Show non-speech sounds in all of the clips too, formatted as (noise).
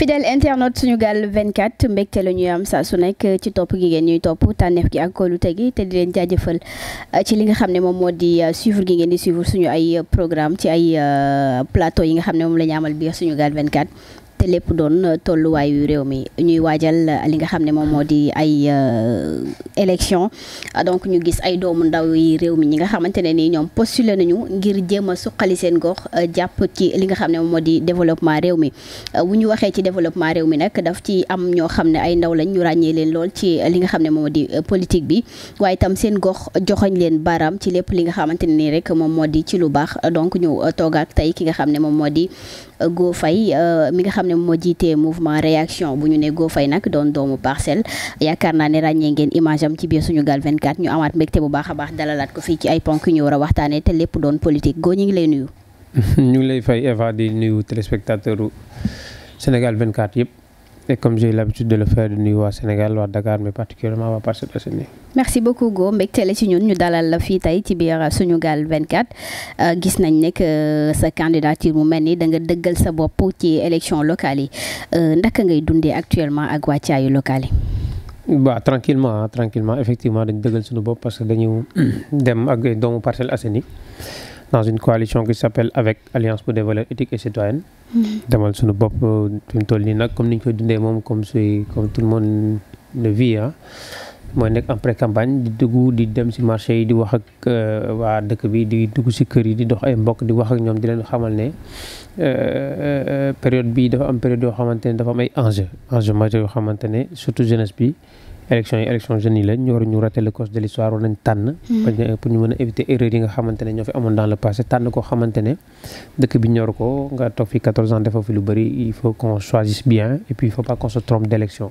fidèle internaute suñu gaal 24 mbégte la ñuy am saa su nekk ci topp gi ngeen ñuy topp tànneef gi ak kóolu tegi te di leen jaajëfal euh, ci li nga xam ne moom moo di euh, suivre gi ngeen di suivre suñu ay euh, programme ci ay plateau yi nga xam ne moom la ñu amal biir suñu gaal 24. te lépp doon tolluwaayu réew mi ñuy waajal li nga xam ne moom moo di ay euh, élection ah, donc ñu gis ay doomu ndaw yi réew mi ñi nga xamante ne nii ñoom postulé nañu ngir jéem a suqali seen gox euh, jàpp ci li nga xam ne moom moo di développement réew mi euh, bu ñu waxee ci développement réew mi nag daf ci am ñoo xam ne ay ndaw lañ ñu ràññee leen lool ci li nga xam ne moo di politique bi waaye itam seen gox joxoñ leen baaraam ci lépp li nga xamante ne nii rek moom moo di ci lu baax donc ñu toogaak tey ki nga xam ne moom moo di Go Faye euh, mi nga xam ne moo jiitee mouvement réaction bu ñu ne Go fay nag doon doomu parcelle yaakaar naa ne ràññee ngeen image ci biir suñu Sunugal 24 ñu amaat mbégte bu baax a baax dalalaat ko fii ci ay ponk yu ñu war a waxtaanee te lépp doon politique Go ñu ngi lay nuyu. (laughs) ñu ngi lay fay Eva di nuyu téléspectateur Sénégal 24 yëpp. et comme j'ai l'habitude de le faire di nuyu waa Sénégal waa Dakar mais particulièrement waa Parcelles Assainies. merci beaucoup Go mbégte la ci ñun ñu dalal la fii tey ci biir Sunugal 24 euh, gis nañ ne que euh, sa candidature mu mel ni da nga dëggal sa bopp ci élection locale yi euh, ndaka ngay dundee actuellement ak wàccaayu locale yi. waaw tranquillement tranquillement effectivement dañ dëggal suñu bopp parce que dañu (clears throat) dem ak doomu Parcelles dans une coalition qui s'appelle avec Alliance pour des valeurs éthiques et citoyennes. Mm-hmm. demal suñu bopp fi toll nii nag comme ni ñu koy dundee moom comme si comme tout le monde le vit ah, mooy nekk en campagne di dugg di dem si marché yi di wax ak euh, waa dëkk bi di dugg si kër yi di dox ay mbokk di wax ak ñoom di leen xamal ne euh, euh, période bi dafa am période yoo xamante ne dafa am ay enjeux enjeux yoo xamante ne surtout jeunesse bi. élection yi élection jeunes yi la ñu war ñu rater de l'histoire war nañ tànn hmm. pour ñu mën a éviter erreur nga xamante ñoo fi amoon dans le passé tànn koo xamante ne bi ñor ko nga toog fi 14 ans defoo fi lu bëri il faut qu'on choisisse bien et puis il faut pas qu'on se d'élection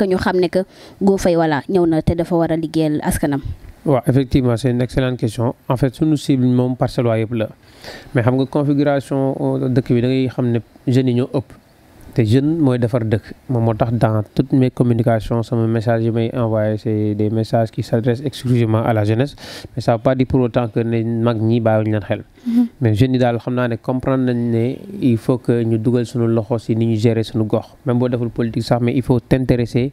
que ñu xam ne que Go Faye voilà ñëw na te dafa war a liggéeyal askanam. waaw effectivement c'est une excellente question en fait suñu cible moom parcelles yëpp la mais xam nga configuration euh, dëkk bi da ngay xam ne jeunes yi ñoo ëpp. te jeune mooy defar dëkk moo tax dans toutes mes communications sama message yi may envoyé c'est des messages qui s'adressent exclusivement à la jeunesse mais ça veut pas dire pour autant que ne mag ñi bàyyiwuñu leen xel mm-hmm. mais jeunes yi daal xam naa ne comprendre ne il faut que ñu dugal suñu loxo si ni ñu gérer suñu gox même boo deful politique sax mais il faut t'intéresser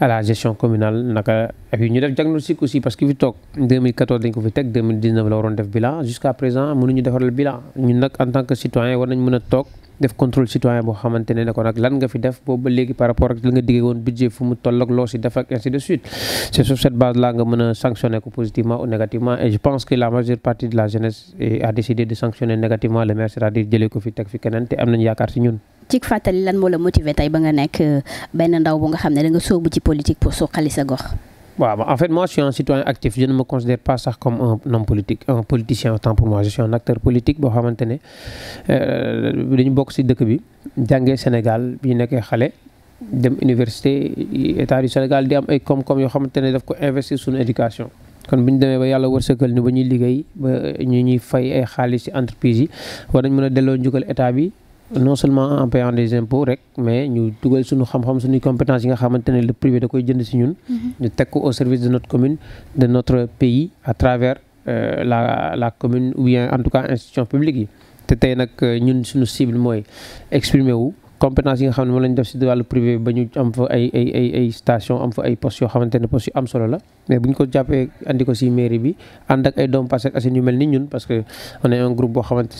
à la gestion communale naka et puis ñu def diagnostic aussi parce que fi toog 2014 ko fi teg la waroon def bilan jusqu'à présent mënuñu defaral bilan ñun nag en tant que citoyen war nañ mën a toog def contrôle citoyen boo xamante ne ne nga fi def boobu léegi par rapport ak li nga diggee woon budget fu mu toll loo si def ak ainsi de suite c'est sur cette base là nga mën a sanctionner ko positivement ou négativement et je pense que la majeure partie de la jeunesse a décidé waaw en fait, moi, je suis un citoyen actif. Je ne me considère pas ça comme un homme politique, un politicien autant pour moi. acteur politique. boo xamante ne euh, dañu bokk ci dëkk bi jàngee Sénégal bi ñu nekkee xale dem université état du Sénégal di am ay koom-koom yoo xamante ne daf ko investir suñu éducation. kon bu ñu demee ba yàlla war wërsëgal ni ba ñuy liggéey ba ñu ñuy fay ay xaalis ci entreprise yi war nañ mën a delloo njukkal état bi. non seulement en payant des impôts rek mais ñu dugal suñu xam-xam suñuy compétence yi nga xamante ne le privé da koy jënd si ñun mm-hmm. ñu teg ko au service de notre commune de notre pays à euh, la la commune ou bien en tout cas institution publique yi te tey nag euh, ñun suñu cible mooy exprimer wu compétence yi nga xam ne moom lañ def si wàllu privé ba ñu am fa ay ay station am fa ay postes yoo xamante ni postes yu am solo la mais bu ñu ko jàppee indi ko si mairie bi ànd ak ay doom Parcelles Assainies yu que on est un groupe boo xamante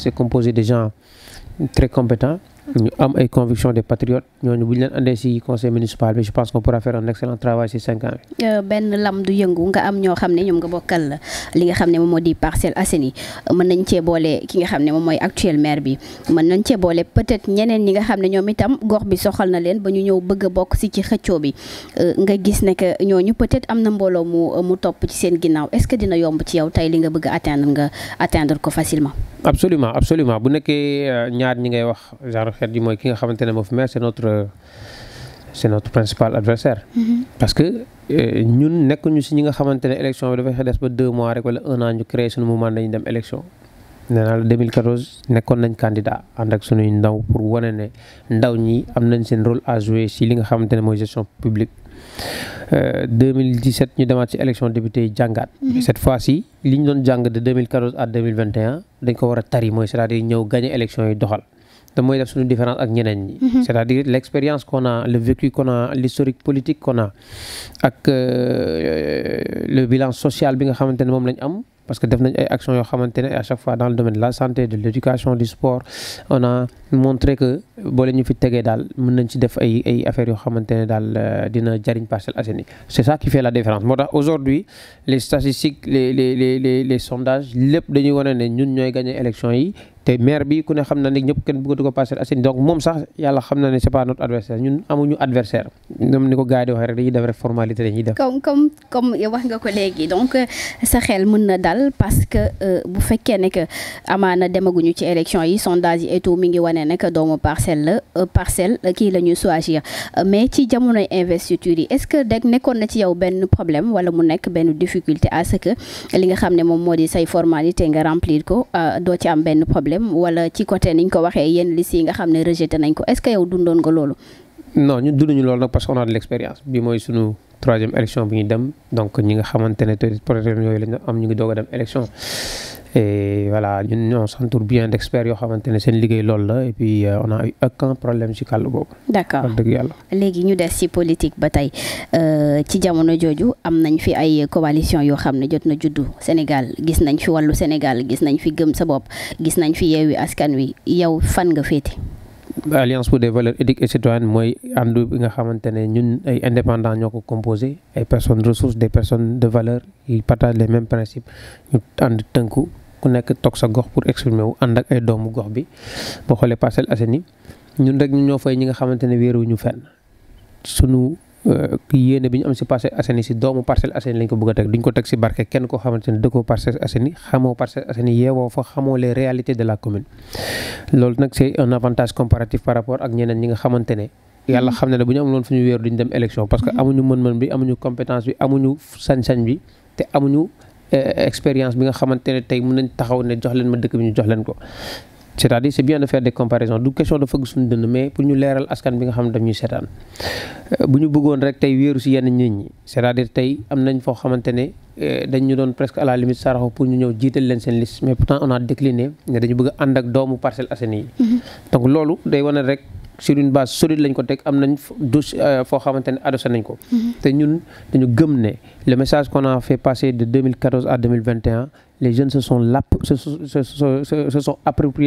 très compétents ñu am ay convictions des patriotes ñooñu bu ñu leen andee ci conseil municipal bi je pense qu'on pourra faire un excellent travail ci cinq bi. Euh, benn lam du yëngu nga am ñoo xam ne ñoom nga bokkal la li nga xam ne moom moo di Parcelles Assainies mën nañ cee boole ki nga xam ne moom mooy actuel maire bi mën nañ cee boole peut-être ñeneen ñi nga xam ne ñoom itam gox bi soxal na leen ba ñu ñëw bëgg a bokk si ci xëccoo bi euh, nga gis ne que ñooñu peut-être am na mbooloo mu mu topp ci seen ginnaaw ce que dina yomb ci yow tey li nga bëgg a nga atteindre ko facilement. absolument absolument bu nekkee euh, ñaar ñi ngay wax genre xeet yi mooy ki nga xamante ne moo fi maire c'est notre euh, c'est notre principal adversaire mm-hmm. parce que euh, ñun nekkuñu si ñu nga xamante ne élection bi dafay des ba deux mois rek wala un an ñu créé suñu mouvement dem élection nee naa la nekkoon nañ candidat ànd ak suñuy ndaw pour wane ne ndaw ñi am nañ seen rôle à jouer si li nga xamante ne mooy gestion publique ñu demaat si élection député yi jàngaat mm-hmm. cette fois ci li ñu doon jàng de 2014 dañ ko war a tari mooy c'est-à-dire ñëw gagné élection yi doxal te mooy def suñu différence ak ñeneen ñi mm-hmm. c'est-à-dire l'expérience qu'on a le vécu qu'on a l'historique politique qu'on ak euh, le bilan social bi nga xamante ne moom lañ am parce que def nañ ay actions yoo xamante ne à chaque fois dans le domaine de la santé de l'éducation du sport on a montré que boole ñu fi tegee daal mën nañ ci def ay ay affaires yoo xamante ne daal euh, dina jariñ Parcelles Assainies c'est ça qui fait la différence moo aujourd'hui les statistiques les les les les sondages lépp dañuy wane ne ñun ñooy gagner élection yi te maire bi ku ne xam na ne ñëpp kenn bëggatu ko passer Assaini donc moom sax yàlla xam ne c'est pas euh, euh, ne ci élection yi sondage mi ngi wane ne que doomu parcelle la euh, parcelle kii la ñuy choisir mais ci jamonoy investiture yi est-ce que deg nekkoon benn problème wala mu nekk benn difficulté à li nga xam ne moom moo di say formalité nga remplir ko doo ci am benn problème. problème wala ci côté niñ ko waxee yéen liste yi nga xam ne rejeté nañ ko est-ce que yow dundoon nga loolu. non ñun dunduñu loolu nag parce que on de l'expérience bi mooy sunu troisième élection bu ñu dem donc ñi nga xamante ne te problème yooyu lañu am ñu ngi doog dem élection et voilà ñun ñoo s'entoure bien d' experts yoo xamante ne seen liggéey loolu la et puis euh, on aucun problème ci kàll boobu. d' dëgg yàlla. léegi ñu des ci politique ba tey euh, ci jamono jooju am nañ fi ay coalition yoo xam ne jot na juddu Sénégal gis nañ fi wàllu Sénégal gis nañ fi gëm sa bopp gis nañ fi yeewi askan wi yow fan nga féete. alliance pour des valeurs éthiques et citoyennes mooy àndu nga xamante ne ñun ay indépendants ñoo ko composé ay personnes ressources des personnes de valeur yi partagent les mêmes principes ñu ànd tënku ku nekk toog sa gox pour exprimer wu ànd ak ay doomu gox bi boo xoolee Parcelles Assainies ñun rek ñun ñoo fay ñi nga xamante ne wéeruñu fenn sunu Euh, yéene bi ñu am si Parcelles Assainies si doomu Parcelles Assainies lañ ko bëgg a teg duñ ko teg si barke kenn koo xamante ne dëkkoo Parcelles Assainies xamoo Parcelles Assainies yeewoo fa xamoo les réalités de la commune loolu nag c'est un avantage comparatif par rapport ak ñeneen ñi nga xamante ne yàlla xam na ne bu ñu amuloon fu ñu wéeru duñ dem élection parce que mm-hmm. amuñu mën-mën bi amuñu compétence bi amuñu sañ-sañ bi te amuñu euh, expérience bi nga xamante ne tey mën nañ taxaw ne jox leen ma dëkk bi ñu jox leen ko c'est-à-dire c'est bien de faire des comparaisons du question de fëgg suñu dënd mais pour ñu leeral askan bi nga xam ne daf euh, euh, doon presque à la saraxo pour ñu ñëw jiital leen seen liste mais pourtant on a décliné ne dañu bëgg a ànd ak doomu Parcelles Assainies yi mm-hmm. donc loolu day wane rek sur une base solide ko teg am nañ euh, foo xamante ne nañ ko mm-hmm. te ñun dañu gëm ne le message qu'on a fait passer de 2014 à 2021 les jeunes se sont lapp se se se se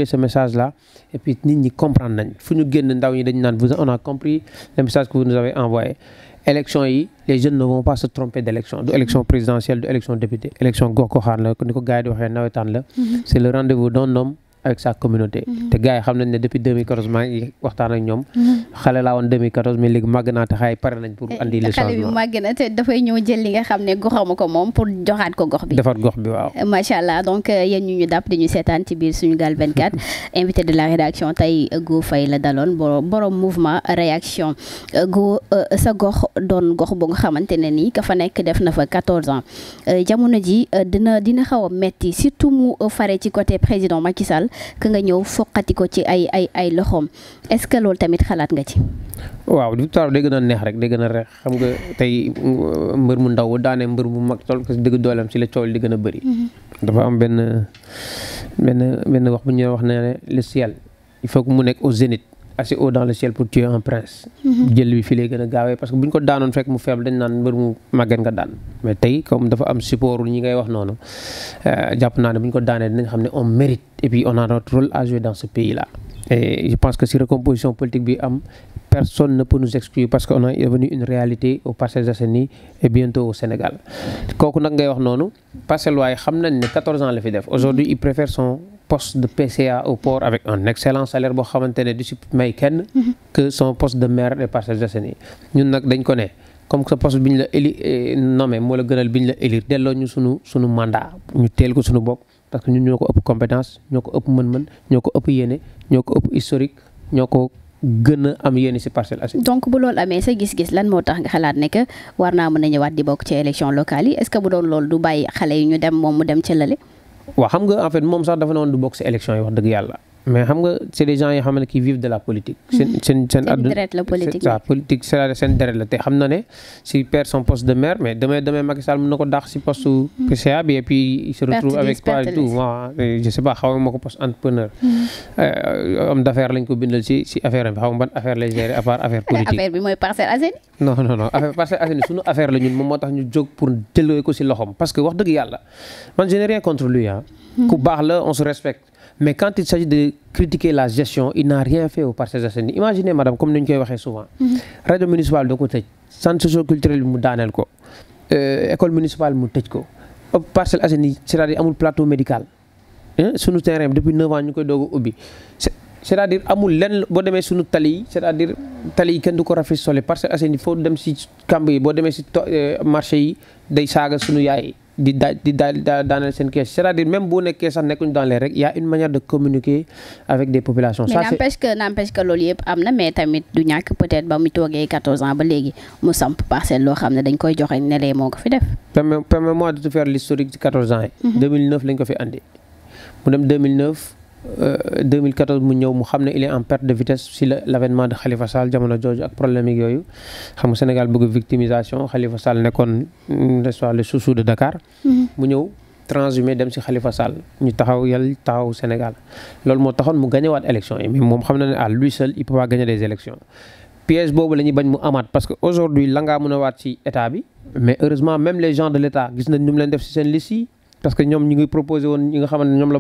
ce message là et puis nit ñi comprendre nañ fu ñu génn ndaw ñi dañu naan vous on a compris le message que vous nous avez envoyé. élection yi les jeunes ne vont pas se tromper d' élection du élection présidentielle du élection député élection gox goxaan la ni ko gars yi di nawetaan la. Mhm. c' le rendez vous d' un avec sa communauté. Mhm. te gars xam nañ ne depuis 2014 maa ngi waxtaan ak ñoom. Mhm. xale laa woon 2014 mais léegi màgg naa te xaay pare nañ pour eh, andi le changement xale bi màgg na te dafay ñëw jël li nga xam ne goxamu ko moom pour joxaat ko gox bi. defaat gox bi waaw. macha allah donc euh, yéen ñu ñu dàpp di ñu seetaan ci biir Sunugal 24 (laughs) invité de la rédaction tey euh, Go Faye la daloon borom mouvement réaction euh, go sa gox doon gox bu nga xamante ne nii ka fa nekk def na fa 14 ans jamono ji dina dina xaw a metti surtout mu fare ci côté président Macky Sall. dal ka nga ñëw foqati ko ci ay ay ay loxoom est-ce que loolu tamit xalaat nga ci. waaw victoire day gën a neex rek day gën a reex xam nga tey mbër mu ndaw daane mbër mu mag tool ko si dëgg dooleem si la coow di gën a bëri. Mhm. dafa am benn benn benn wax bu ñuy wax ne le ciel il mu nekk au assez haut dans le ciel pour tuer un prince. Mm-hmm. jël bi fii lay gën a gaawee parce que bu ñu ko daanoon fekk mu faible dañ naan mbër mu màgget nga daan mais tey comme dafa am support ñi ngay wax noonu euh, jàpp naa ne bu ko daanee dinañ xam ne on mérite et puis on a notre rôle à jouer dans ce pays là. et je pense que si recomposition politique bi am personne ne parce que noonu Parcelles waaye xam nañ ne 14 ans la fi def aujourd'hui il préfère son. poste de PCA au port avec un excellent salaire boo xamante ne du si may kenn. que son poste de maire des Parcelles Assainies ñun nag dañ ko ne comme sa poste bi ñu la éli eh, nommé moo la gënal bi ñu la élire delloo ñu sunu sunu mandat ñu teel ko sunu bopp parce que ñun ñoo ko ëpp compétence ñoo ko ëpp mën-mën ñoo ko ëpp yéene ñoo ko ëpp historique ñoo ko gën a am yéene si Parcelles Assainies. donc bu loolu amee sa gis-gis lan moo tax nga xalaat ne que war naa mën a ñëwaat di bokk ci élection ce que doon loolu du bàyyi xale yi ñu dem moom mu dem ci waaw xam nga en fait moom sax dafa ne woon du bokk si élection wax dëgg yàlla mais xam nga c' des gens la politique. Mm-hmm. seen politique waaw seen deret la te xam na ne s'il perd son poste de maire mais demain demain Macky Sall na ko dàq si poste mm-hmm. PCA bi et puis il se avec quoi et tout waaw euh, je sais pas xaw ma mm-hmm. euh, affaire lañ ko bindal affaire bi xaw affaire lay gérer part affaire (laughs) politique. affaire bi mooy Parcelles Assainies. non non non affaire Parcelles Assainies affaire la moom moo tax ñu jóg pour jëlee ko si loxoom mais quand il s'agit de critiquer la gestion il n'a rien fait aux Parcelles Assainies imaginez madame comme ni ñu koy waxee souvent mm-hmm. rajo municipale da ko tëj centre socioculturel ko euh, école municipale mu tëj ko Parcelles dire amul plateau médical sunu terrain depuis 9 ans ñu koy doog a ubbi c'est-à-dire amul lenn boo demee sunu tali yi c'est-à-dire tali yi kenn du ko rafet sole Parcelles Assainies foo dem si kamb yi boo demee si euh, marché yi day saaga sunu yaay yi di daa di daa daaneel seen kees c'est-à-dire même bu nekkee sax nekkuñu dans les règles y une manière de communiquer avec des populations. ça mais n'empêche que n'empêche que loolu yëpp am na mais tamit du ñàkk peut ba mu toogee 14 ans ba léegi mu samp parcelle loo xam ne dañ koy joxe ne moo ko fi def. permet permet moi de te faire l'historique ci 14 ans yi. Mhm. lañ ko fi andi mu dem 2009. 2014 euh, mu ñëw mu xam ne il est en perte de vitesse si la l' avènement de Khalifa ak problème yi yooyu xam Sénégal bëgg victimisation Khalifa Sall nekkoon mm, nest le chouchou de Dakar. Mm-hmm. mu ñëw transhumé dem si Khalifa Sall ñu taxaw yàlla taxaw Sénégal loolu moo taxoon mu gagné waat élection yi moom xam na ne à lui seul il peut pas des élections piège boobu la bañ mu amaat parce que aujourd'hui la ngaa a waat si état bi mais heureusement même les gens de parce que ñoom ñu ngi proposé woon ñi nga xamante ne ñoom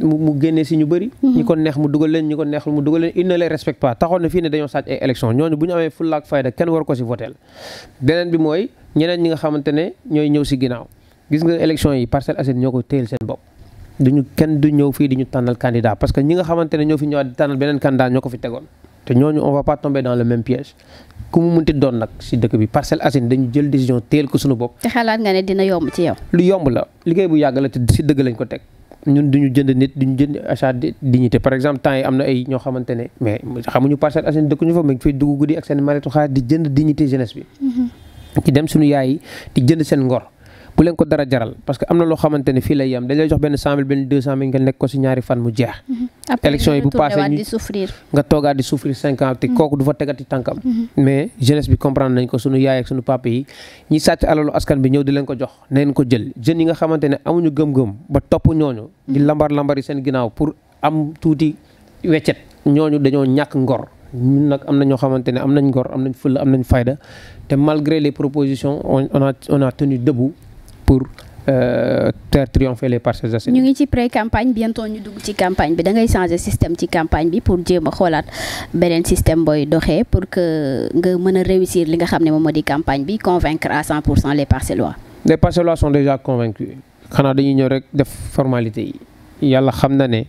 la si ñu bëri mhm. ñi ko mu dugal leen ñi ko neexul mu dugal leen il ne les fii ne dañoo sàcc ay élection ñooñu bu ñu amee fulla ak fayda ñi nga xamante ne ñooy ñëw si ginnaaw gis nga élection yi Parcelles ñoo ko téyel seen bopp duñu kenn du fii di ñu tànnal candidat parce que ñi nga xamante ne ñoo fi ñëwaat di tànnal beneen candidat ñoo ko fi tegoon te ñooñu on pas tomber dans le même piège ku mu munti doon nag si dëkk bi Parcelles Assainies dañu jël décision teel ko suñu bopp. te xalaat nga ne dina yomb ci yow. lu yomb la liggéey bu yàgg la te si dëgg lañ ko teg ñun duñu jënd nit duñu jënd achat dignité par exemple temps yi am na ay ñoo xamante ne mais xamuñu Parcelles Assainies dëkkuñu fa mais fay dugg guddi ak seen maretu xaar di jënd dignité jeunesse bi. Mm-hmm. dem suñu yaay di jënd seen ngor. bu leen ko dara jaral parce que am na loo xamante ne fii lay yem dañ lay jox benn cent mille benn deux cent mille nga nekk ko si ñaari fan mu jeex. Mhm. élection yi bu passé ñu nga toogaat di souffrir cinq ans te mhm. kooku du fa tegati tànkam. Mhm. mais jeunesse bi comprendre nañ ko sunu yaay ak sunu papa yi ñi sàcc alalu askan bi ñëw di leen ko jox neen ko jël jeunes yi nga xamante ne amuñu gëm-gëm ba topp ñooñu. di lambar lambar yi seen ginnaaw pour am tuuti weccet ñooñu dañoo ñàkk ngor. nag am na ñoo xamante ne am nañ ngor am nañ fulla am nañ fayda te malgré les propositions on a on a tenu pour euh, faire triompher da ngay changer système ci campagne bi pour a xoolaat beneen a réussir li nga xam ne moom moo di campagne bi convaincre à 100 pour cent déjà convaincus xanaa dañuy ñëw rek def formalité yi yàlla xam na ne.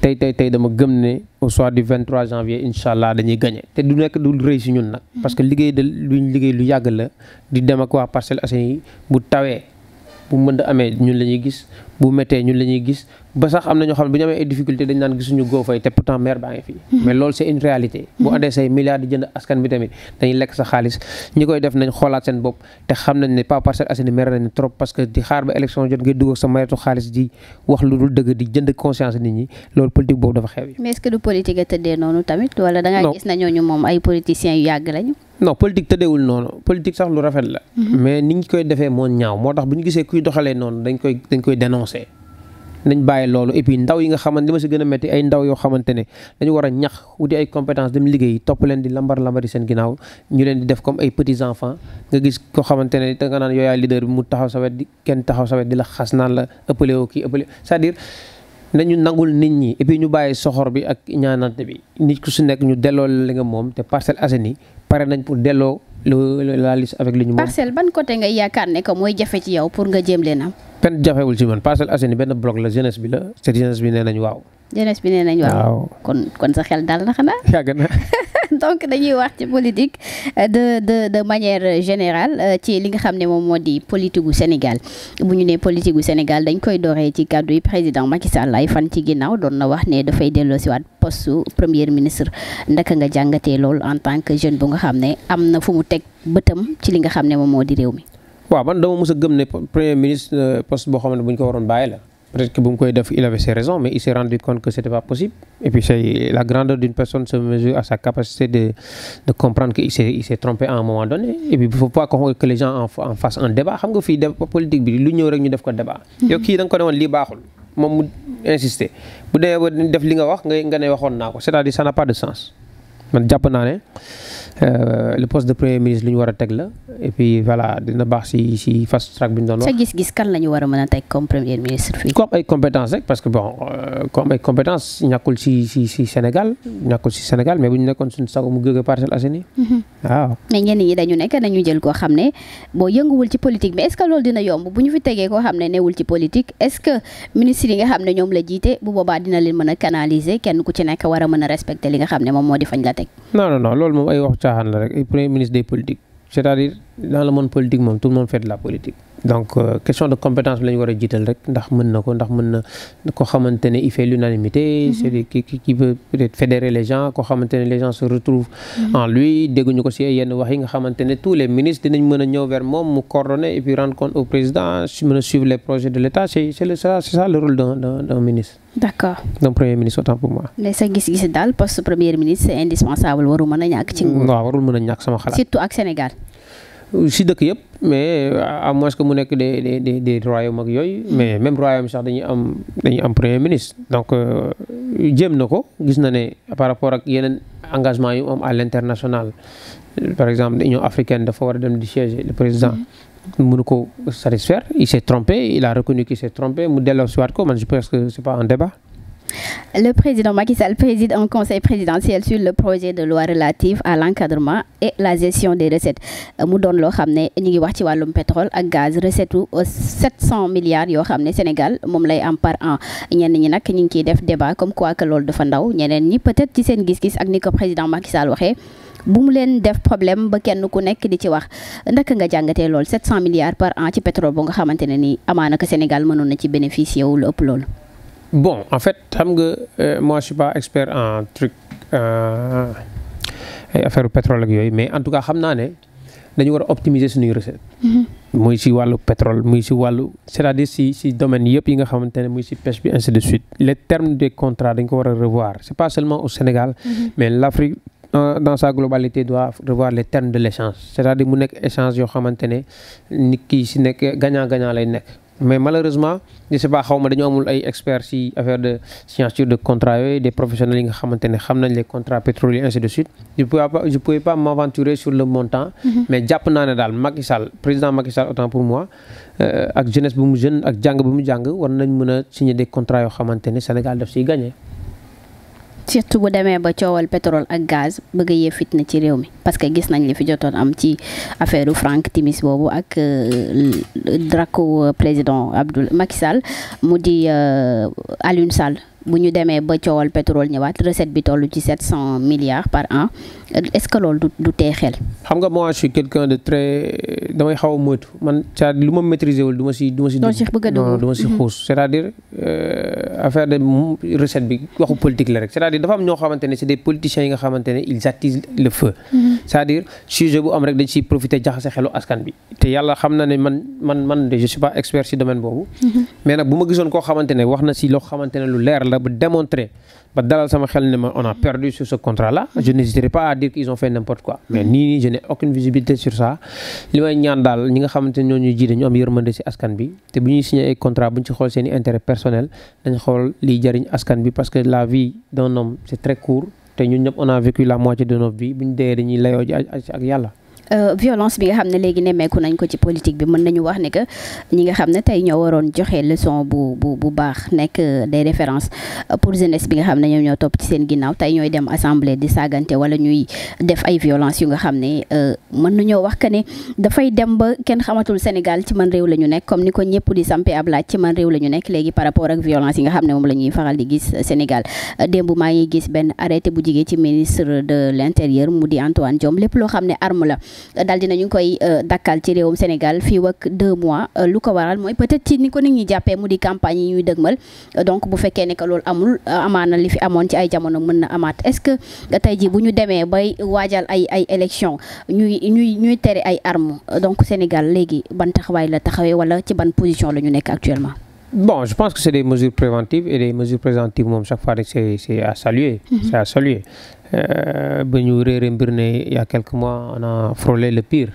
tey tey tey dama gëm ne au soir du janvier incha dañuy gagné te du nekk du rëy si ñun nag. Mm-hmm. parce que liggéey de luñ liggéey lu yàgg la di dem ak waa Parcelles Assainies bu tawee. bu mën a amee ñun la ñuy gis bu méttee ñun la gis ba sax am na ñoo xam ne bu ñu amee difficulté dañ naan gisuñu góo fay te pourtant maire baa ngi fi. Hmm. mais loolu hmm. du politique a tëddee noonu tamit. wala da gis na ñooñu moom ay politiciens yu yàgg lañu non politique tëddeewul noonu politique sax lu rafet la. Mhm. mais ni ñu koy defee moo ñaaw moo tax bu ñu gisee kuy doxalee noonu dañ koy dañ koy dénoncer. nañ bàyyi loolu et puis ndaw yi nga xamante li ma si gën a métti ay ndaw yoo xamante ne dañu war a ñax wuti ay compétence dem liggéey topp leen di lambar lambari seen ginnaaw ñu leen di comme ay petits enfants nga gis ko xamante ne da nga naan yooyaay leader bi mu taxaw sawet wet di kenn taxaw sa di la xas naan la ëppale woo kii ëppale sa à dire ñu nangul nit ñi et ñu bàyyi soxor bi ak ñaanante bi nit ku si nekk ñu delloo li nga moom te Parcelles Assainies pare nañ pour delloo la liste avec li ñu moom. parcelle ban côté nga yaakaar ne que mooy jafe ci yow pour nga jéem leen am. benn jafewul ci man Parcelles Assainies benn bloc la jeunesse bi la cette jeunesse bi nee nañ waaw. jeunesse bi nee nañ waaw kon kon sa xel dal na xanaa. (laughs) yàgg na. (laughs) donc dañuy wax ci politique euh, de de de manière euh, générale euh, ci li nga xam ne moom moo di politique gu Sénégal bu ñu nee politique gu Sénégal dañ koy dooree ci kàddu yi président Macky Sall ay fan ci ginnaaw doon na wax ne dafay delloosiwaat poste première ministre ndaka nga jàngatee loolu en tant que jeune bu nga xam ne am na fu mu teg bëtam ci li nga xam ne moom moo di réew mi. waaw man dama mës a gëm ne premier ministre boo xam bu ko waroon bàyyi la. peut-être que bu mu koy def il avait ses raisons mais il s'est rendu compte que c'était pas possible et puis la grandeur d'une personne se mesure à sa capacité de comprendre que il s'est il s'est trompé donné et puis il faut pas que les gens en, en fassent un nga fii débat politique bi lu ñëw rek ñu def ko débat hmm. yow kii da ko ne woon lii baaxul moom mu insister bu demee def li nga wax nga nga ne waxoon naa ko c'est-à-dire ça n'a pas de sens man jàpp naa ne euh, le poste de premier ministre lu war a teg la et puis dina baax si si fast bi ñu doon wax. gis-gis kan la war a mën a teg comme premier ministre fii. ku am ay compétences rek parce euh, Sénégal mais bu nekkoon suñu sago mu jógee Parcelles Assainies. Mhm. waaw mais ñenn ñi dañu nekk dañu jël koo xam ne boo yënguwul ci politique mais est ce dina yomb bu ñu fi tegee koo xam ne newul ci politique est ce nga xam ne ñoom la jiite bu boobaa teg. non non non loolu moom ay wax caaxaan la premier ministre des politiques dans le monde politique moom tout le monde fait de la politique donc euh, question de compétence bi la ñu a jiital rek ndax mën na ko ndax mën na ko xamante ne il fait l'unanimité mhm. c'est qui qui peut peut ne les se retrouvent mhm. en lui dégguñu ko si yenn wax yi nga xamante ne tous les ministres dinañ mën a ñëw vers moom mu coordonner et puis rendre compte au président mën a suivre les projets de l'État c'est c'est ça c'est ça le rôle d'un ministre d'accord d'un premier ministre autant pour moi a si dëkk yëpp mais à moins que mu nekk des des des des royaume ak yooyu mais même royaume sax dañuy am dañuy am premier ministre donc euh, jëm na ko gis na ne par rapport ak yeneen engagement yu am à l'international par exemple l'Union africaine dafa war a dem président mënu ko satisfaire il s'est trompé il a reconnu qu'il s'est trompé mu delloo siwaat ko man je pense c'est pas un débat Le président Macky Sall préside un conseil présidentiel sur le projet de loi relatif à l'encadrement et la gestion des recettes mu doon loo xam ne ñu ngi wax ci wàllum pétrole ak gaz recette u 700 milliards yoo xam ne Sénégal moom lay am par an ñenn ñi nag ñu ngi ciy def débat comme quoi que loolu dafa ndaw ñeneen ñi peut-être ci seen gis-gis ak ni ko président Macky Sall waxee bu mu leen def problème ba kenn ku nekk di ci wax ndaka nga jàngatee loolu 700 milliards par an ci pétrole nga xamante ne nii amaana ko Sénégal mënoon na ci bénéficier wu lu loolu. bon en fait xam nga euh, moi je suis expert en truc euh, ay affaire pétrole ak yooyu mais en tout cas xam naa ne dañu war a optimiser suñuy recette mm-hmm. muy si wàllu pétrole muy si wàllu c'est-à-dire si si domaine yëpp yi nga xamante ne muy si pêche bi ainsi de suite les termes des contrats dañ ko war a revoir c'est pas seulement au Sénégal mm-hmm. mais l'Afrique dans sa globalité doit revoir les termes de l'échange c'est-à-dire mu nekk échange yoo xamante ne nit ki si nekk gagnant gagnant lay nekk mais malheureusement je sais pas ma dañu amul ay experts ci affaire de signature de contrat yooyu des professionnels yi nga xamante ne xam nañ les contrats pétroliers ainsi de suite je pouvais pas je pouvais pas m'aventurer sur le montant mm-hmm. mais jàpp naa ne daal Macky Sall président Macky Sall autant pour moi euh, ak jeunesse bu mu jeune ak jàng bu mu jàng war nañ mën a signer de contrats yoo xamante ne Sénégal daf si gagné surtout bu demee ba coowal pétrole ak gaz bëgg a yee fitna ci réew mi parce que gis nañ li fi jotoon am ci affaire Frank Timis boobu ak euh, draco euh, président Abdoul Macky Sall mu di euh, Alioune Sall bu ñu demee ba coowal pétrole ñëwaat recette bi toll ci 700 milliards par an est-ce que loolu du du tee xel. xam nga moi je quelqu'un de très damay xaw a moytu man a mm-hmm. c'est-à-dire euh, affaire de recette bi waxu politique la rek c'est-à-dire dafa am ñoo xamante c'est des politiciens yi nga xamante ne ils attisent le feu. Mm-hmm. c'est-à-dire sujet bu am rek dañ siy profiter jaxase xelu askan bi. te yàlla xam na ne man man man de je suis expert si domaine boobu. Mm-hmm. mais nag bu ma gisoon fexe ba démontrer ba dalal sama xel ne ma on a perdu sur ce contrat là je n'hésiterai pas à dire qu'ils ont fait n'importe quoi mais nii nii je visibilité sur ça li may ñaan daal ñi nga xamante ne ñoo ñuy jiite ñu am yërmande ci askan bi te bu ñuy signé ay contrat bu ñu ci xool seen i personnel dañ xool liy jariñ askan bi parce que la vie d'un homme c'est très court te ñun ñëpp on a vécu la moitié de notre vie bu dee dañuy layoo ji ak yàlla Euh, violence bi nga xam ne léegi nemmeeku nañ ko ci politique bi mën nañu wax ne que ñi nga xam ne tey ñoo waroon joxe leçon bu bu bu baax nekk euh, des références euh, pour jeunesse bi nga xam ne ñoom ñoo topp ci seen ginnaaw tey ñooy dem assemblée di saagante wala ñuy def ay violence yu nga xam ne mën nañoo wax que dafay dem ba kenn xamatul Sénégal ci man réew la ñu nekk comme ni ko ñëpp di sampé ab laaj ci man réew la ñu nekk léegi par rapport ak violence yi nga xam ne moom la ñuy faral di gis Sénégal démb maa ngi gis benn arrêté bu jigee ci ministre de l'intérieur mu di Antoine Diome lépp loo xam ne arme daal dina ñu koy euh, dakkal ci réewum Sénégal fii ak deux mois euh, lu ko waral mooy peut-être ci ni ko nit ñi jàppee mu di campagne yi ñuy dëgmal euh, donc bu fekkee ne que loolu amul amaana li fi amoon ci ay jamono mën na amaat est-ce que tey jii bu ñu demee bay waajal ay ay élection ñuy ñuy ñuy tere ay arm donc Sénégal léegi ban taxawaay la taxawee wala ci ban position la ñu nekk actuellement. Bon, je pense que c'est des mesures préventives et les mesures préventives, moom chaque fois c'est à saluer. Mhm. C'est à saluer euh, ba ñu réeree mbir ne il y a quelques mois on a frôlé le pire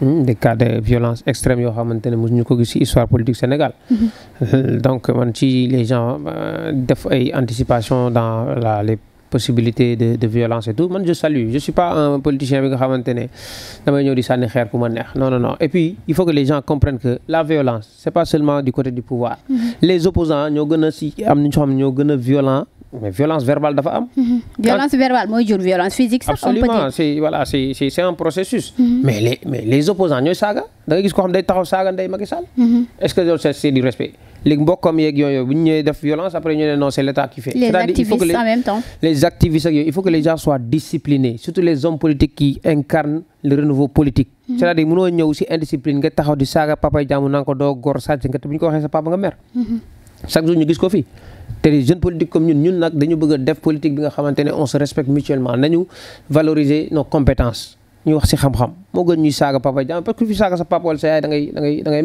hmm, des cas de violence extrême yoo xamante ne mosuñu ko gis ci histoire politique mhm. (laughs) donc man ci les gens euh, def ay anticipation dans la possibilité de violence et man je salue je suis pas un politicien bi nga xamante ne damay ñëw di sànni xeer ku ma neex non non non et puis il faut que les gens comprennent que la violence c'est pas seulement du côté du pouvoir. Mm-hmm. les opposants ñoo gën si am na ñoo xam ñoo mais violence verbale dafa am. Mhm. violence verbale mooy jur violence physique sax. absolument mhm. mais les mais les ñooy saaga da nga gis ko xam day taxaw saaga nday Macky mhm. est-ce que du respect. léegi mbokkam yeeg yooyu bu ñu def violence après ñu ne non c'est l'État qui fait. les activistes en même il faut que les gens soient disciplinés surtout les hommes politiques qui incarnent le renouveau politique. c'est-à-dire mënoo ñëw ci indiscipline nga taxaw di saaga papa jaamu te jeune politique comme ñun ñun nag dañu bëgg a def politique bi nga xamante ne on se respecte mutuellement nañu valoriser nos compétences ñu wax si xam-xam moo gën ñuy saaga papa jàmm parce que fi saaga sa papa wala sa yaay da ngay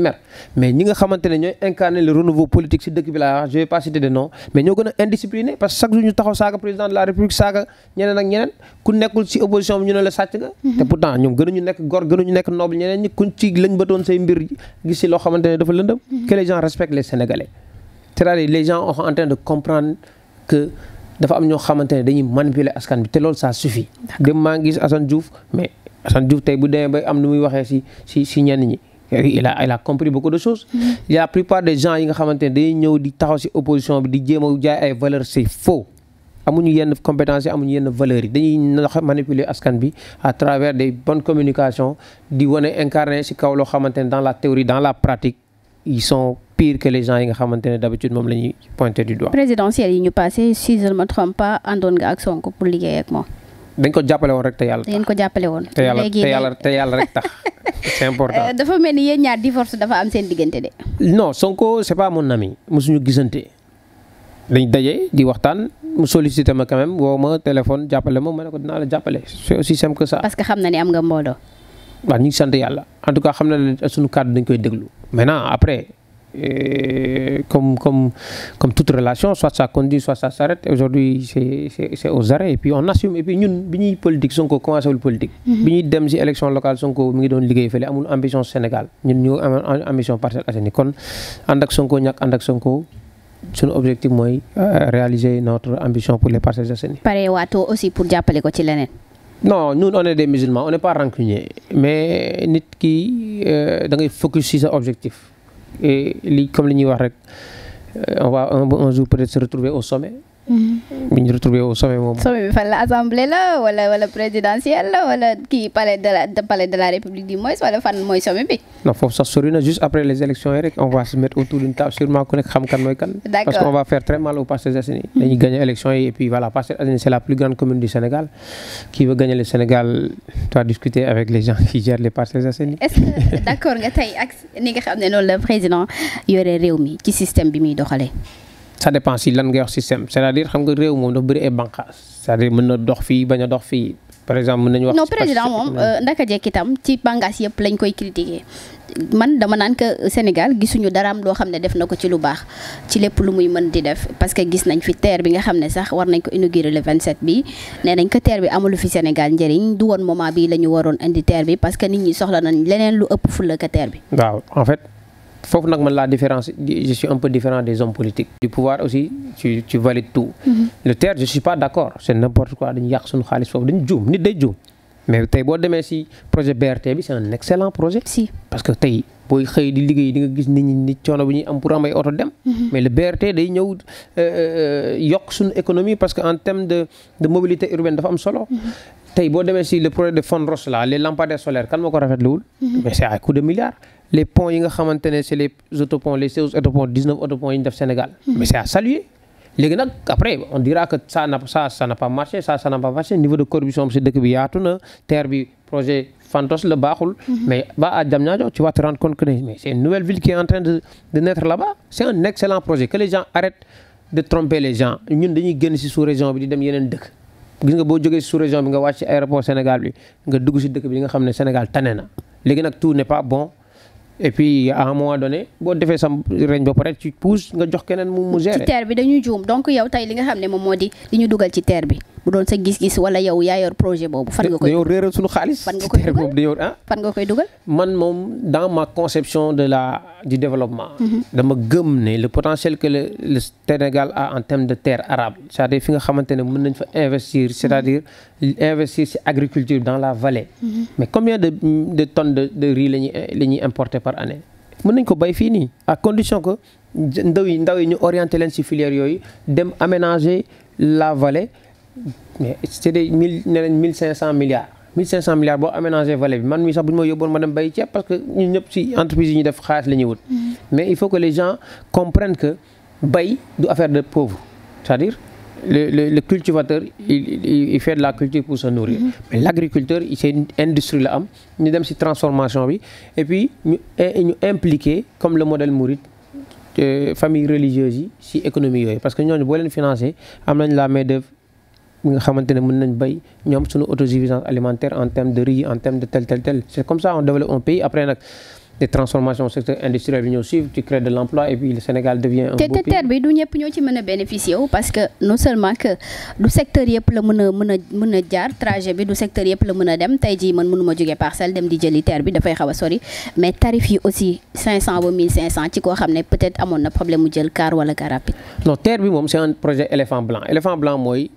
nga xamante ne ñooy incarner le renouveau politique si dëkk bi laa je vais pas citer de nom mais ñoo gën a indiscipliné parce que chaque jour ñu taxaw saaga président de la république saaga ñeneen ak ñeneen ku nekkul si opposition bi ñu ne la sàcc nga mhm. te pourtant ñoom ñu nekk góor ñu nekk noble ñeneen ñi kuñ ci lañ batoon say mbir si loo xamante ne dafa lëndëm mhm. que les gens c'est-à-dire les gens sont de comprendre que dafa ñoo xamante ne dañuy manipuler askan bi te lool ça suffit. dem maa ngi gis Assane mais Assane Diouf tey bu dee ba am nu muy waxee si si si ñenn ñi. il a il a compris beaucoup de choses. Mm-hmm. la plupart des gens yi nga xamante ne dañuy ñëw di taxaw si opposition bi di jéem a jaay ay valeurs c'est faux. amuñu yenn compétence yi amuñu yenn valeurs yi dañuy nax manipuler askan bi à travers des bonnes communication di wane incarné si kaw loo xamante ne dans la théorie dans la pratique ils pire que les gens yi nga xamante ne d'habitude moom la ñuy du doigt. présidentielle yi ñu passé si je ne me pas àndoon nga ak Sonko pour liggéey ak moom. dañ ko jàppale woon rek te yàlla. tax (laughs) c'est euh, dafa mel ni yéen ñaar divorce dafa am seen diggante de. non Sonko c'est pas mon ami mosuñu gisante. dañ daje di waxtaan mu sollicité ma quand même woo ma téléphone jàppale ma ma ne ko dinaa la jàppale c'est aussi simple que ça. parce xam na ne am nga et euh, comme, comme, comme toute relation, soit ça conduit, soit ça s'arrête. Aujourd'hui, c'est aux arrêts. Et puis on assume. Et puis nous, nous politique, sont commencé le politique. Nous mm-hmm. dem si élection locale, sont mi ngi doon liggéey fële amul ambition Sénégal. Ñun ñu am ambition Parcelles Assainies. Kon ànd Sonko ñàkk ànd Sonko suñu objectif mooy euh, réaliser notre ambition pour les Parcelles Assainies. Pare waatoo aussi pour jàppale ko ci leneen. non ñun on est des musulmans on n'est pas rancunier mais nit euh, e li comme li ñuy wax rek euh, on va un jour peut-être se retrouver au sommet Mm-hmm. bu ñu retrouvé au sommet moom. sommet bi fan la assemblée la wala wala présidentielle la wala kii palais de la république du moins wala fan mooy sommet bi. non foofu sax sori na juste après les élections yi rek on va se mettre autour d'une table sûrement ku nekk xam kan mooy kan. d'accord parce qu'on va faire très mal au Parcelles Assainies. Mm-hmm. dañuy gagner élection yi et puis voilà Parcelles Assainies c'est la plus grande commune du Sénégal qui veut gagner le Sénégal doit discuter avec les gens bi muy doxalee. ça dépend si lan ngay wax système c'est-à-dire xam nga réew moom dafa bëri ay bànqaas c'est-à-dire mën na dox fii bañ a dox fii par exemple mën nañu wax. non président moom euh, ndaka jekk itam ci bànqaas yëpp lañ koy critiquer man dama naan que Sénégal gisuñu daraam loo xam ne def na ko ci lu baax ci lépp lu muy mën di def parce que gis nañ fi terre bi nga xam ne sax war nañ ko inaugurer le 27 bi nee nañ que terre bi amulu fi Sénégal njëriñ du woon moment bi la ñu waroon indi terre bi parce que nit ñi soxla nañ leneen lu ëpp fulla que terre bi. foofu nag man la différence je suis un peu différent des hommes politiques du pouvoir aussi tu tu valides tout mhm. le terre je suis pas d'accord c'est n'importe quoi dañu yàq suñu xaalis foofu dañu juum nit day juum mais tey boo demee si projet BRT bi c'est un excellent projet si parce que tey booy xëy di liggéey di nga gis nit ñi nit coono bi ñuy am pour am ay oto dem mhm. mais le BRT day ñëw euh, euh, yokk suñu économie parce que en terme de de mobilité urbaine dafa am solo mhm. tey boo demee si le projet de Fonds Ross là les lampadaires solaires moo ko rafetluwul mais les ponts yi nga xamante ne c'est les autoponts les 16 autoponts 19 autoponts yi ñu Sénégal. Hmm. mais c'est à saluer. léegi nag après on dira que ça n'a ça ça n'a pas marché ça ça n'a marché niveau de corruption si dëkk bi yaatu na terre bi projet Fantos la baaxul. Hmm. mais ba à Diamniadio tu vas te rendre compte que mais c'est une nouvelle ville qui est en train de de naître là-bas. c'est projet que les gens arrêtent de tromper les gens bi di dem yeneen dëkk. gis nga boo jógee ci sous-région bi nga wàcc ci aéroport Sénégal bi nga dugg ci dëkk bi nga xam ne Sénégal tane na et puis à un moment donné boo defee sam reñ ba pare ci pousse nga jox keneen mu mu gérer. ci terre bi dañuy juum donc yow tey li nga xam ne moom moo di li ñu dugal ci teer bi. bu doon sa gis-gis wala yow yaa yor projet boobu fan nga koy dañoo réeral suñu xaalis fan nga koy dugal (laughs) ah fan nga koy dugal man moom dans ma conception de la du développement mm-hmm. dama gëm ne le potentiel que le le Sénégal a en termes de terre arable c'est-à-dire fi nga xamante ne mën nañ fa investir c'est-à-dire mm-hmm. investir ci agriculture dans la vallée mm-hmm. mais combien de de tonnes de de riz la ñuy la ñuy importer par année mën nañ ko bay fii nii à condition que ndaw yi ndaw yi ñu orienté leen ci yooyu dem aménager la vallée mais c' est des mille nee nañ cinq cent milliards mille cinq cent milliards boo aménagé vallée bi man mii sax bu ñu ma yóbboon ma dem bay ceeb parce que ñun ñëpp ci entreprise yi ñuy def xaalis la wut. Mm-hmm. mais il faut que les le le, le cultivateur il, fait de la culture pour se nourrir. Mm -hmm. mais l' industrie la am ñu dem si transformation bi et puis ñu ñu impliqué comme le modèle mouride. Euh, famille religieuse yi ci économie yooyu parce que ñooñu boo leen financé nañ la main nga xamante ne mën nañ béy ñoom suñu autosuffisance alimentaire en terme de riz en terme de tel tel c'est comme ça on développe un pays après nag des transformations secteur industriel bi ñoo suivre tu de l'emploi et puis terre bi du ñëpp ñoo ci mën a bénéficier wu parce que non seulement que du secteur yëpp la mën a mën a jaar trajet bi du secteur yëpp la mën a dem tey jii man mënuma jógee parcelle dem di jëli terre bi dafay xaw sori mais tarif yi aussi ci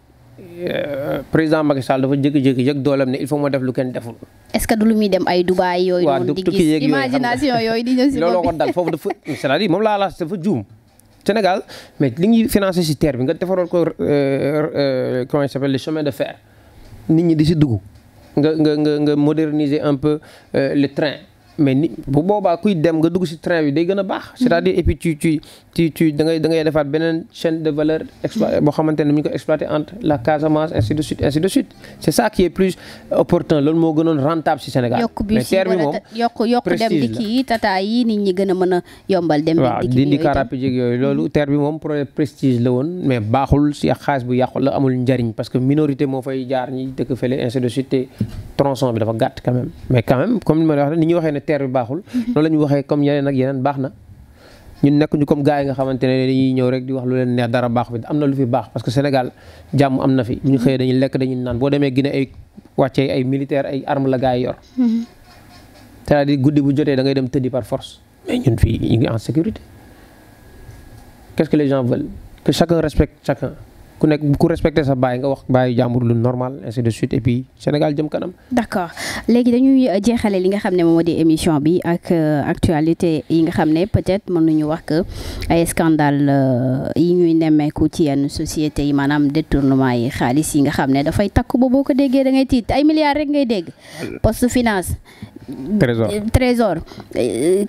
Euh, président Macky dafa jékki-jékki yëg doolam ne il faut ma def lu kenn deful. est-ce que du lu muy dem ay Dubaay yooyu. noonu imagination yooyu di ñëw si looloo ko dal (laughs) moom laa la dafa juum. Sénégal mais li ñuy financé si terre bi nga defaroon ko euh, euh, comment le chemin de fer nit ñi di si dugg nga nga nga nga moderniser un peu le train. mais bu boobaa kuy dem nga dugg si train bi day gën a baax. Mm-hmm. c'est-à-dire et ci ci ci ci da ngay da ngay defaat beneen chaîne de valeur. exploité mm-hmm. boo xamante ne mu ngi ko exploité entre la Casamance ainsi de c'est ça qui est plus opportun loolu moo gën a mën a yombal. dem dikki bi mm-hmm. terre bi moom prestige la woon mais baaxul si xaalis bu yàqu la amul njariñ parce que minorité moo fay jaar ñi dëkk fële ainsi de bi dafa gàtt mais quand même comme teer bi baaxul (laughs) loolu la ñu waxee comme yeneen ak yeneen baax na ñun nekk ñu comme gars nga xamante ne dañuy ñëw rek di wax lu leen neex dara baax am na lu fi baax parce que Sénégal jàmm am na fi bu ñu xëyee dañuy lekk dañuy naan boo demee Guinée ay wàccee ay militaire ay arme la gars yi yor mm-hmm. c'est-à-dire guddi bu jotee da ngay dem tëddi par force mais ñun fii ñu ngi en sécurité qu'est-ce que les gens veulent que chacun respecte chacun ku nekk ku respecté sa baay nga wax baayu jàmbur lu normal ainsi de suite et puis Sénégal jëm kanam. d' léegi dañuy jeexale li nga xam ne moom moo di émission bi ak euh, actualité yi nga xam ne peut-être mën nañu wax que ay scandale euh, yi ñuy nemmeeku ci yenn sociétés yi maanaam détournement yi xaalis yi nga xam ne dafay takk ba boo ko déggee da ngay tiit ay milliards rek ngay dégg poste finance. trésor trésor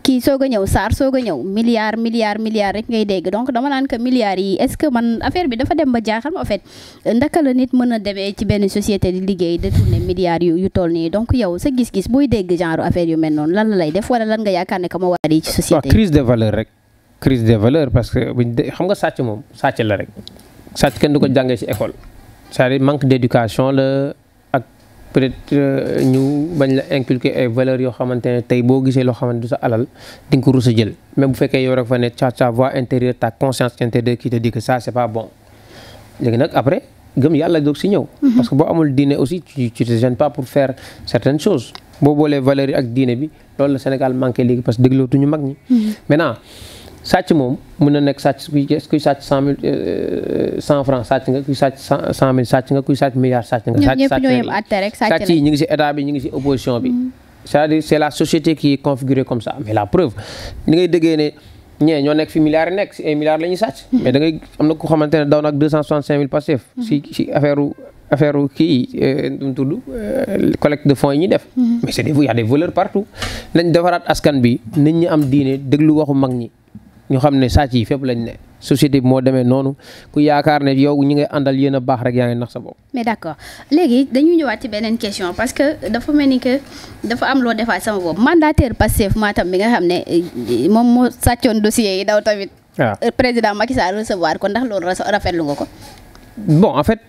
kii soog a ñëw Sarr soog a ñëw milliard milliard milliard rek ngay dégg donc dama naan que milliards yi est-ce que man affaire bi dafa dem ba jaaxal ma en fait ndaka la nit mën a demee ci benn société di liggéey détourné milliards yu toll nii donc yow sa gis-gis booy dégg genre affaire yu mel noonu lan la lay def wala lan nga yaakaar ne que moo war yi ci société yi. crise des valeurs rek crise des valeurs parce que xam nga sàcc moom sàcc la rek sàcc kenn du ko peut-être euh, ñu bañ la inculquer ay valeurs yoo xamante tey boo gisee loo xamante du sa alal di ko rus a jël même bu fekkee yow rek fa ne sa sa voix intérieure ta conscience qui te dit que ça c'est pas bon léegi nag après gëm yàlla doog si ñëw. Mm-hmm. parce que boo amul diine aussi tu tu te gênes pas pour faire certaines choses boo boolee valeurs yi ak diine bi loolu la Sénégal manqué léegi parce que déglootuñu mag ñi mm-hmm. maintenant. sàcc moom mën na nekk sàcc kuy sàcc cent mille euh, euh, cent franc sàcc nga kuy sàcc cent mille sàcc nga kuy sàcc milliard sàcc nga. ñoom ñëpp ñoo yem àtte rek sàcc yi ñu ngi si état bi ñu ngi si opposition bi. Mm. c'est-à-dire la société qui est configurée comme ça mais la preuve ni ngay déggee ne ñee ñoo nekk fi milliards nekk si ay la ñuy sàcc. Mm. ko xamante ne daw nag deux cent soixante cinq mille passif. Mm. si si affaire kii euh, nu mu collecte de fonds yi ñu def. mais c'est des y a des voleurs partout nañ defaraat askan bi nit ñi am diine déglu mag ñi. ñu xam ne sàcc yi fépp lañ ne société bi moo demee noonu ku yaakaar ne yow ñi ngay àndal yéen a baax rek yaa ngi nax sa bopp. mais d' accord léegi dañuy ñëwaat ci beneen question parce que dafa mel ni que dafa am loo defaat sama bopp mandataire Pastef Matam bi nga xam ne eh, moom moo sàccoon dossier yi daw tamit. waaw ah. président Macky Sall recevoir ko ndax loolu rafetlu nga ko. bon en fait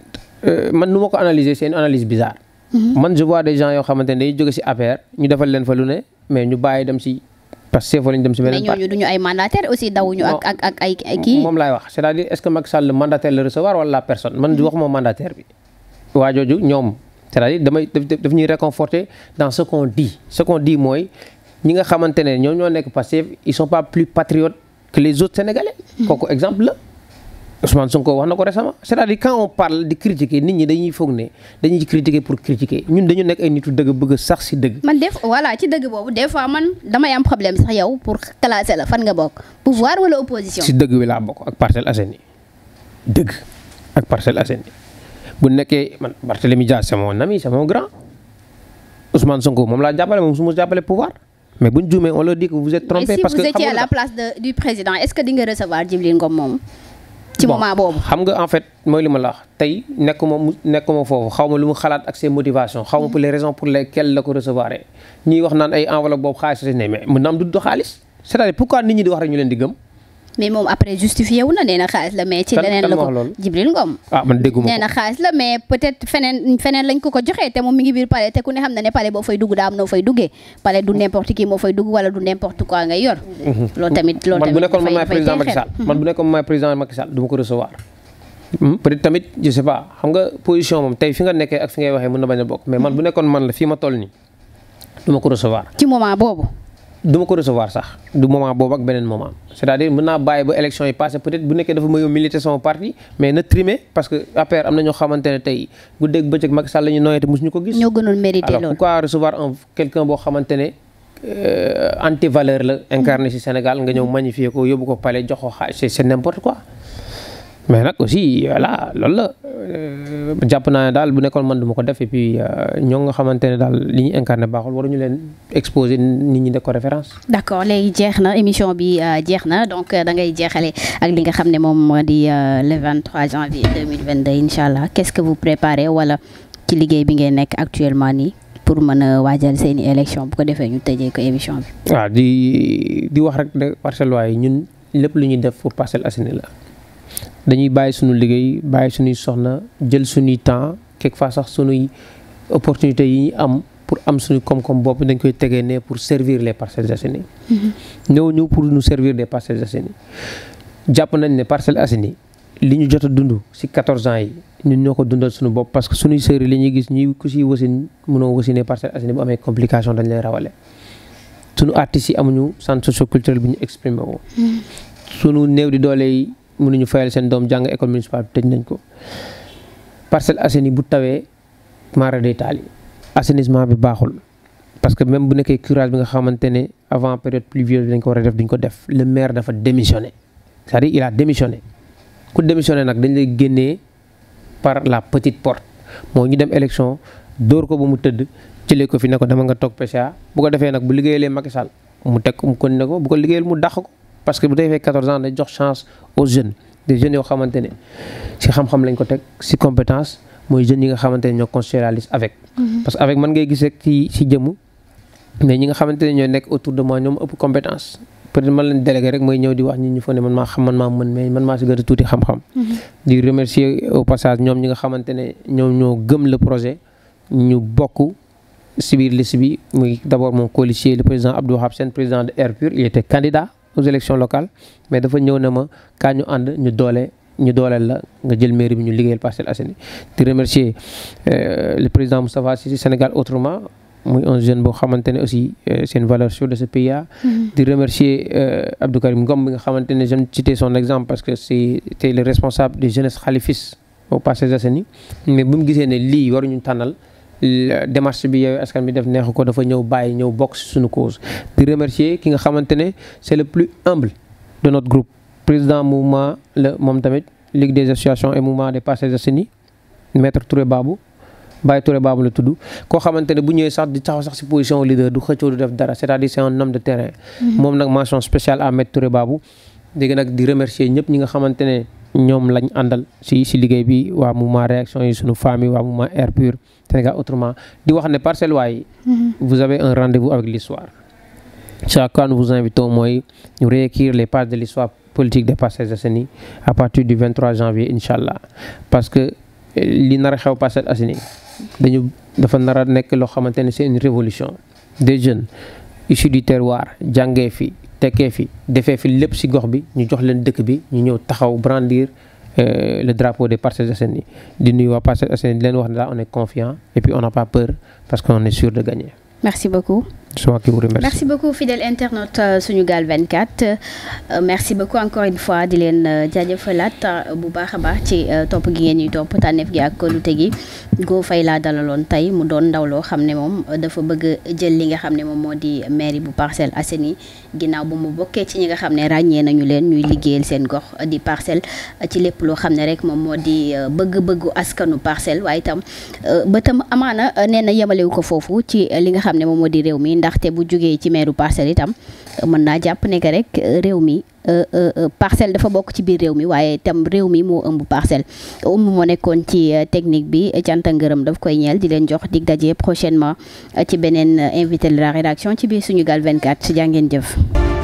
euh, man nu ma ko analyser seen est une analyse bizarre. Mm-hmm. man je vois des gens yoo xamante ne day jóge si affaire ñu defal leen fa lu ne mais si. Pastef lañ dem si beneen parti mais ñooñu duñu ay mandataire aussi dawuñu ak ak ak ay kii. moom laay wax c'est-à-dire est-ce que Macky Sall mandataire la recevoir wala personne man waxuma mandataire bi. waa ñoom c'est-à-dire damay daf ñuy réconforter dans ce qu'on dit ce qu'on dit mooy ñi nga xamante ne ñoom ñoo nekk Pastef ils sont pas plus patriotes que les autres Sénégalais. Mm-hmm. kooku exemple la. Ousmane Sonko wax na ko récemment c'est-à-dire quand on parle di critiquer nit ñi dañuy foog ne dañuy critiquer pour critiquer ñun dañu nekk ay nitu dëgg bëgg sax si dëgg. man def voilà ci dëgg boobu des fois man damay am problème sax yow pour classer la fan nga bokk pouvoir wala opposition. si dëgg bi laa bokk ak Parcelles Assainies dëgg ak Parcelles Assainies bu nekkee man Barthélémy Dias c'est mon ami grand Ousmane Sonko moom laa jàppale moom su ma jàppale pouvoir. mais bu ñu ci moment boobu xam nga en fait mooy li ma la tey nekk ma mu nekk ma foofu xaw ma lu mu xalaat ak ses motivations xaw ma mm. pour les raisons pour lesquelles la ko recevoir ñuy wax naan ay enveloppe boobu xaalis si ne mais mën na am du xaalis c'est-à-dire pourquoi nit ñi di wax rek ñu leen di gëm mais moom après justifié wu na nee na xaalis la mais. ci leneen la ko Jibril Ngom. ah man na xaalis la joxee te moom mi ngi biir palais te ku ne xam ne palais boo fay dugg daa am noo fay duggee palais du n'importe qui moo fay dugg wala du n'importe quoi ngay yor. Mhm. loolu tamit loolu tamit dafay fay man mhm. maay président Macky Sall du ma ko recevoir. Hmm? peut tamit je sais pas xam nga position moom tey fi nga nekkee ak fi ngay waxee mën na bañ a bokk mais man bu nekkoon man la fii ma toll nii du ma boobu. du ma ko recevoir sax du moment boobu ak beneen moment c'est-à-dire mën naa bàyyi ba élection yi passé peut-être bu nekkee dafa ma yóbbu militer son mais na parce que APR am na ñoo xamante ne tey guddeeg bëccëg Macky Sall la ñu noyyate mosu ñu ko gis. ñoo gënoon mérité loolu alors pourquoi recevoir un quelqu'un boo xamante ne euh, anti valeur la. incarné si Sénégal nga ñëw magnifier ko yóbbu ko palais jox ko xaalis c'est n'importe quoi. mais nag aussi voilà loolu la euh, jàpp naa ne daal bu nekkoon man du ma ko def et puis euh, ñoo nga xamante ne daal li ñu incarné baaxul waruñu leen exposé nit ñi def ko référence. d' accord léegi jeex na émission bi euh, jeex na donc da ngay jeexale ak li nga xam ne moom moo di le 23 janvier 2022 incha allah qu' est ce que vous préparez wala ci liggéey bi ngeen nekk actuellement nii. pour mën a waajal seen i élection bu ko defee ñu tëjee ko émission bi. waa ah, di di wax rek de parcelles waaye ñun lépp lu ñuy def pour Parcelles Assainies dañuy bàyyi suñu liggéey bàyyi suñuy soxna jël suñuy temps quelque fois sax suñuy opportunités yi am pour am suñu koom-koom bopp dañ koy tegee ne pour servir les Parcelles Assainies ñëw mm-hmm. ñëw pour nous servir des Parcelles Assainies jàpp nañ ne Parcelles Assainies li ñu jot a dund si 14 ans yi ñun ñoo ko dundal suñu bopp parce que suñuy sëriñ li ñuy gis ñuy ku siy wasin mënoo wasine Parcelles Assainies bu amee complication dañ lay rawale suñu artistes yi amuñu sant socio culturel bi ñu exprimé woo mm-hmm. suñu ñu fayal seen doom jàng école municipale bi tëj nañ ko Parcelles Assainies bu tawee maara day taali assainissement bi baaxul parce que même bu nekkee curage bi nga xamante ne avant période pluvieuse bi dañ ko war a def duñ ko def le maire dafa démissionné c'est-à-dire il a démissionné ku démissionné nag dañ lay génnee par la petite porte moo ñu dem élection dóor ko ba mu tëdd jëlee ko fi ne ko dama nga toog PCA bu ko defee nag bu liggéeyalee Macky Sall mu teg ko kon ne ko bu ko liggéeyal mu dàq ko parce que bu defee 14 ans dañ jox chance aux jeunes des jeunes yoo xamante ne si xam-xam lañ ko teg si compétence mooy jeunes yi nga xamante ne ñoo constitué la liste avec. Mhm. parce que avec man ngay gis rek ci si jëmm mais ñi nga xamante ne ñooy nekk autour de moi ñoom ëpp compétence peut-être man leen délégué rek mooy ñëw di wax ñi ñu fa ne man maa xam man maa mën mais man maa si gën a tuuti xam-xam. Mhm. di remercier au passage ñoom ñi nga xamante ne ñoom ñoo gëm le projet ñu bokk. si biir liste bi muy d' abord président Abdou Wahab Sène président de aux élections locales mais dafa ñëw ne ma kaa ñu ànd ñu doole ñu dooleel la nga jël mairie bi ñu liggéeyal Parcelles Assainies di remercier euh, le président Moustapha Cissé Sénégal autrement muy un jeune boo xamante ne aussi euh, c'est une valeur sûre de ce pays là mm-hmm. di remercier euh, Abdou Karim Ngom bi nga xamante ne j'aime citer son exemple parce que c'était le responsable des jeunesses khalifistes au Parcelles Assainies mais bu mu gisee ne lii waruñu tànnal démarche bi Yewwi Askan bi def neexu ko dafa ñëw bàyyi ñëw bokk si suñu cause di remercier ki nga xamante ne c'est le plus humble de notre groupe président mouvement la moom tamit ligue des associations et mouvement des Parcelles Assainies maître Touré Babou Baye Touré Babou la tudd koo xamante ne bu ñëwee sax di taxaw sax si position leader du xëccoo du def dara c'est-à-dire c'est un de terrain mm-hmm. moom nag mention spéciale à maître Touré Babou dégg nag di remercier ñëpp ñi nga xamante ne ñoom lañ àndal si si liggéey bi waa ma réaction yi suñu famille waa mouvement air pur Sénégal autrement di wax ne parcelle waay mm-hmm. vous avez un rendez-vous avec l'histoire chacun vous invitons mooy ñu réécrire les pages de l'histoire politique des Parcelles ni à partir du 23 janvier incha allah parce que eh, li nar a xew Parcelles Assainies dañu dafa nara nekk loo xamante ne c'est une révolution des jeunes issus du terroir jàngee fii tekkee fi defee fi lépp si gox bi ñu jox leen dëkk bi ñu ñëw taxaw brandir euh, le drapeau des Parcelles Assainies di nuyu waa Parcelles Assainies di leen wax na daal on est confiant et puis on n'a pas peur parce que est sûr de gagner merci beaucoup. merci beaucoup fidèle internaute euh, Sunugal 24 euh, merci beaucoup encore une fois di leen euh, jaajëfalaat bu baax a baax ci topp gi ngeen ñuy topp tànneef gi ak kóolute gi goo Faye laa dalaloon tey mu doon ndaw loo xam ne moom dafa bëgg jël li nga xam ne moom moo di mairie bu Parcelles Assainies ginnaaw bu mu bokkee ci ñi nga xam ne ràññee nañu leen ñuy liggéeyal seen gox di parcelle ci lépp loo xam ne rek moom moo di bëgg-bëggu askanu parcelle waaye itam ba tam amaana nee xam ne moom moo di réew mi ndaxte bu jógee ci meeru parcelle itam euh, mën naa jàpp ne que rek euh, réew mi euh, parcelle dafa bokk ci biir réew mi waaye itam réew mi moo ëmb parcelle ëmb moo nekkoon ci technique bi cant ak ngërëm daf koy ñeel di leen jox dig daje prochainement ci beneen invité de la rédaction ci biir suñu Sunugal ci jàngeen jëf